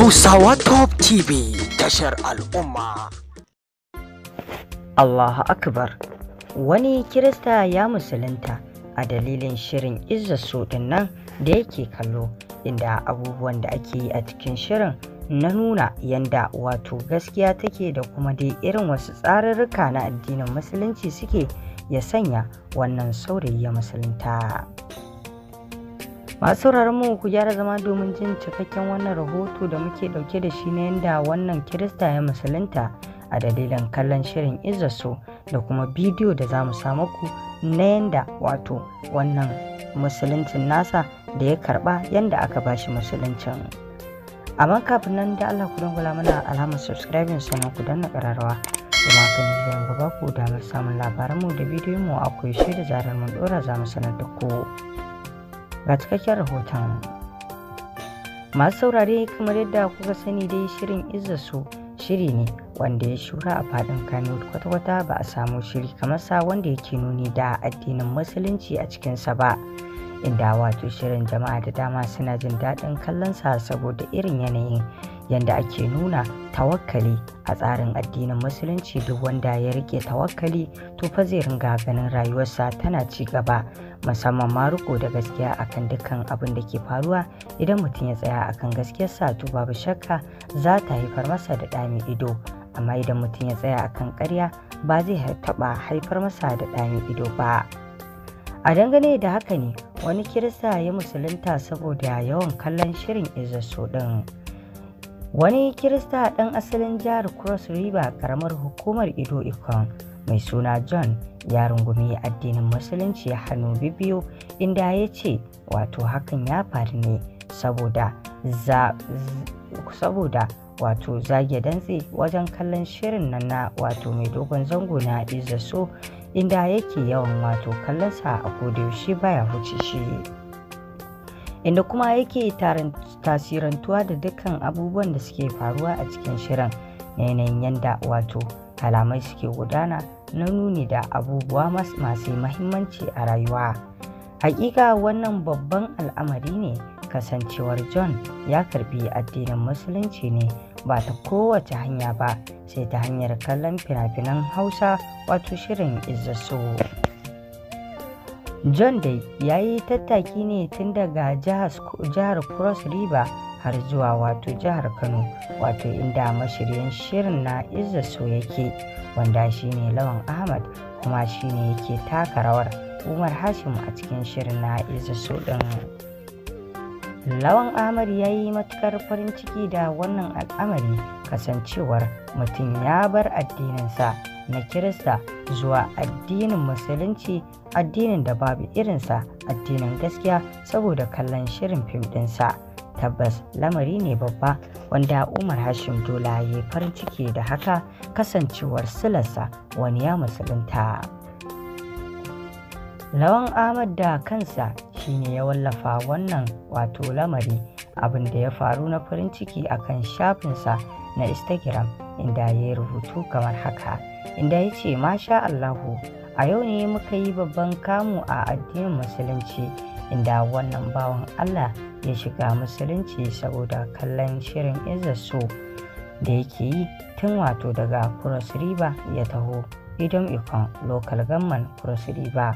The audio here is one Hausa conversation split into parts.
Hausawa Top TV tashar al'umma. Allahu Akbar wani Kirista ya musulunta a dalilin shirin izza su nan da yake kallo inda abubuwan da ake yi a cikin shirin na nuna yanda wato gaskiya take da kuma dai irin wasu tsarurruka na addinin musulunci suke ya sanya wannan saurayi ya musulunta. masu mu ku gyara zama domin jin cikakken wannan rahoto da muke dauke da shi na yadda wannan kirista ya musulunta a dalilin kallon shirin izaso da kuma bidiyo da za mu samu na yadda wato wannan musuluncin nasa da ya karba yadda aka bashi musuluncin amma kafin nan da allah ku gula mana alamar subscribing na ku danna kararrawa kuma kan zan gaba ku damar samun labaranmu da bidiyonmu mu a koyaushe da zarar mun dora za mu sanar da ku ga cikakken rahoton masu saurare kamar yadda kuka sani dai shirin izzasu shiri ne wanda ya shura a fadin kano kwata-kwata ba a samu shiri kamar sa wanda yake nuni da addinin musulunci a cikinsa ba inda wato shirin jama'a da dama suna jin daɗin kallonsa saboda irin yanayin yadda ake nuna tawakkali a tsarin addinin musulunci duk wanda ya rike tawakkali to fa zai ringa ganin rayuwarsa tana ci gaba musamman ma riko da gaskiya akan dukkan abin da ke faruwa idan mutum ya tsaya akan gaskiyarsa to babu shakka za ta haifar masa da ɗami ido amma idan mutum ya tsaya akan ƙarya ba zai taɓa haifar masa da ɗami ido ba a dangane da haka ne wani kirista ya musulunta saboda yawan kallon shirin so din. Wani Kirista ɗan asalin jihar Cross River karamar hukumar Ido Ikon mai suna John ya rungumi addinin Musulunci hannu bibiyu inda ya ce wato hakan ya faru ne saboda za wato zage dantse wajen kallon shirin nan na wato mai dogon zango na izaso inda yake yawan wato kallonsa a kodayaushe baya huce shi. inda kuma yake tasirantuwa da dukkan abubuwan da suke faruwa a cikin shirin na yanayin yanda wato kalamai suke gudana na nuni da abubuwa masu mahimmanci a rayuwa hakika wannan babban al'amari ne kasancewar john ya karbi addinin musulunci ne ba ta kowace hanya ba sai ta hanyar kallon fina-finan hausa wato shirin izzaso john dai ya yi tattaki ne tun daga jihar cross river har zuwa wato jihar kano wato inda mashiryin shirin na izza so yake wanda shine lawan ahmad kuma shine yake taka rawar umar hashim a cikin shirin na izza so din lawan ahmad ya yi matukar farin ciki da wannan al'amari kasancewar mutum ya bar addininsa na Kirista zuwa addinin Musulunci addinin da babu irinsa addinin gaskiya saboda kallon shirin fim ɗinsa. Tabbas lamari ne babba wanda Umar Hashim Dola ya farin ciki da haka kasancewar silarsa wani ya musulunta. Lawan Ahmad da kansa shine ya wallafa wannan wato lamari abin da ya faru na farin ciki a kan shafinsa na instagram inda ya yi rubutu kamar haka inda ya ce masha allahu a yau ne muka yi babban kamu a addinin musulunci inda wannan bawan allah ya shiga musulunci saboda kallon shirin izasu da yake yi tun wato daga cross river ya taho idan ikon local government cross river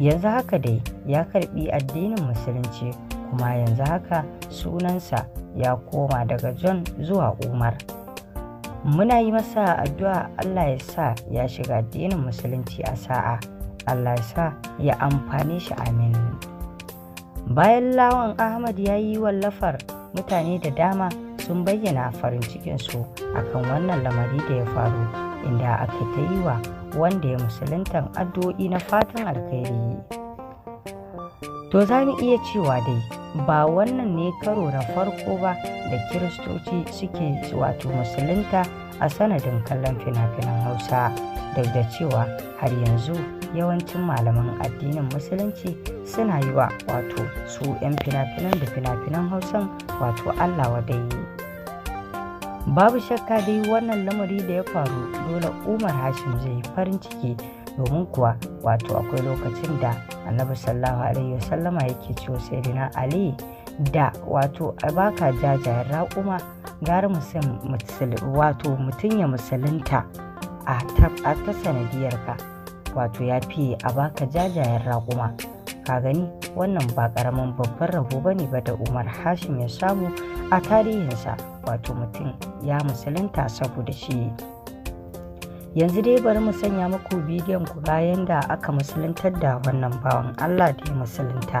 yanzu haka dai ya karbi addinin musulunci kuma yanzu haka sunansa ya koma daga john zuwa umar muna yi masa addu'a allah ya sa ya shiga addinin musulunci a sa'a allah ya sa ya amfani shi amin bayan lawan ahmad ya yi wallafar mutane da dama sun bayyana farin cikinsu akan wannan lamari da ya faru inda aka ta yi wa wanda ya musuluntan addu'o'i na fatan alkhairi to za mu iya cewa dai ba wannan ne karo na farko ba da kiristoci suke wato musulunta a sanadin kallon fina-finan hausa duk da cewa har yanzu yawancin malaman addinin musulunci suna yi wa wato su 'yan fina-finan da fina-finan hausan wato allah wadai babu shakka dai wannan lamari da ya faru dole umar hashim zai yi farin ciki domin kuwa wato akwai lokacin da annabi sallallahu alaihi wasallama yake ciwo sayyidina ali da wato baka jajayen raƙuma gara wato mutum ya musulunta a ta sanadiyar ka wato ya fiye a baka jajayen raƙuma ka gani wannan ba karamin babban rabo ba ne ba da umar hashim ya samu a tarihinsa wato mutum ya musulunta saboda shi yanzu dai bari mu sanya muku bidiyon ku bayan da aka musuluntar da wannan bawan allah da ya musulunta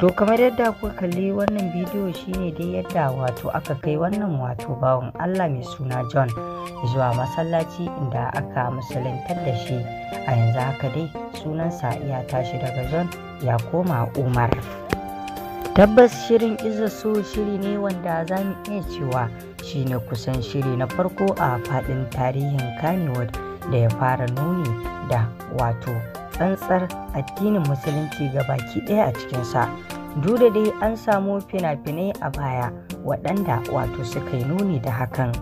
to kamar yadda ku kalli wannan bidiyo shine dai yadda wato aka kai wannan wato bawan allah mai suna john zuwa masallaci inda aka musuluntar da shi a yanzu haka dai sunansa ya tashi daga john ya koma umar tabbas shirin so shiri ne wanda zamu iya cewa shine kusan shiri na farko a faɗin tarihin kannywood da ya fara nuni da wato tsantsar addinin musulunci ga baki ɗaya a cikinsa duk da dai an samu fina-finai a baya waɗanda wato suka yi nuni da hakan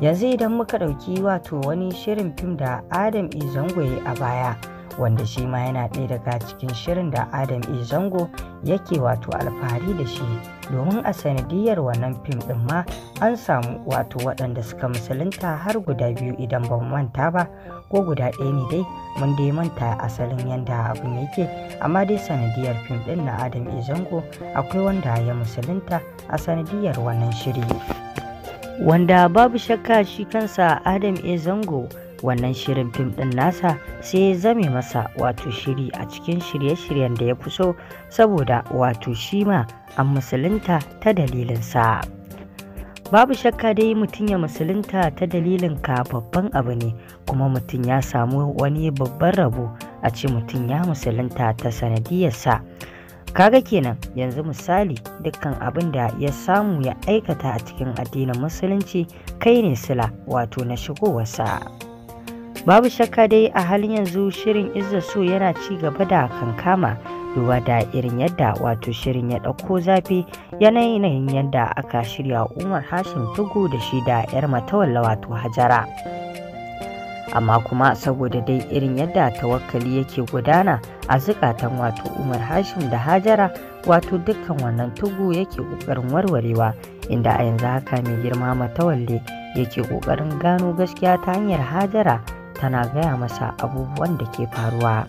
yanzu idan muka ɗauki wato wani shirin fim da adam e yi a baya wanda shi ma yana ɗaya daga cikin shirin da adam e zango yake wato alfahari da shi domin a sanadiyar wannan fim ɗin ma an samu wato waɗanda suka musulunta har guda biyu idan ban manta ba ko guda ɗaya ne dai mun dai manta asalin yadda abin yake amma dai sanadiyar fim ɗin na adam izango e. akwai wanda ya musulunta a sanadiyar wannan shiri wanda babu shakka shi kansa adam izango e. zango wannan shirin fim ɗin nasa sai ya zame masa wato shiri a cikin shirye-shiryen da ya kuso saboda wato shi ma an musulunta ta dalilin dalilinsa babu shakka dai mutum ya musulunta ta dalilin ka babban abu ne kuma mutum ya samu wani babban rabo a ce mutum ya musulunta ta sanadiyarsa kaga kenan yanzu misali dukkan abin da ya samu ya aikata a cikin addinin musulunci kai ne sila wato na shigowarsa. babu shakka dai a halin yanzu shirin izza so yana ci gaba da kankama duba da irin yadda wato shirin ya ɗauko zafi yanayin yadda aka shirya umar hashim tugu da shi da 'yar matawalla wato hajara amma kuma saboda dai irin yadda tawakkali yake gudana a zukatan wato umar hashim da hajara wato dukkan wannan tugu yake ƙoƙarin warwarewa inda a yanzu haka mai girma matawalle yake ƙoƙarin gano gaskiya ta hanyar hajara tana gaya masa abubuwan da ke faruwa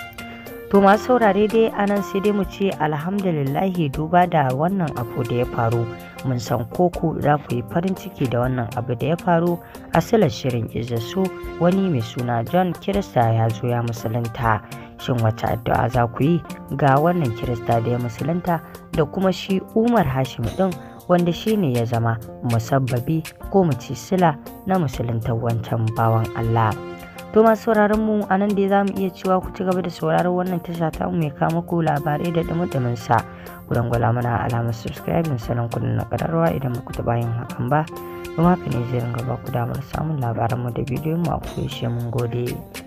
to masu saurare dai anan sai dai mu ce alhamdulillahi duba da wannan abu da ya faru mun san koko za ku yi farin ciki da wannan abu da ya faru a silar shirin izasu wani mai suna john kirista ya zo ya musulunta shin wata addu'a za ku yi ga wannan kirista da ya musulunta da kuma shi umar hashim din wanda shi ne ya zama musabbabi ko mu ci sila na musuluntar wancan bawan allah to masu sauraron mu a nan dai za mu iya cewa ku ci gaba da sauraron wannan tasha ta mu mai kama ku labarai da dumin sa ku dangwala mana alamar subscribing sanan ku na kararwa idan muku ta taɓa yin hakan ba kuma ka ne zai ringa ba ku damar samun labaran mu da bidiyon mu a mun gode.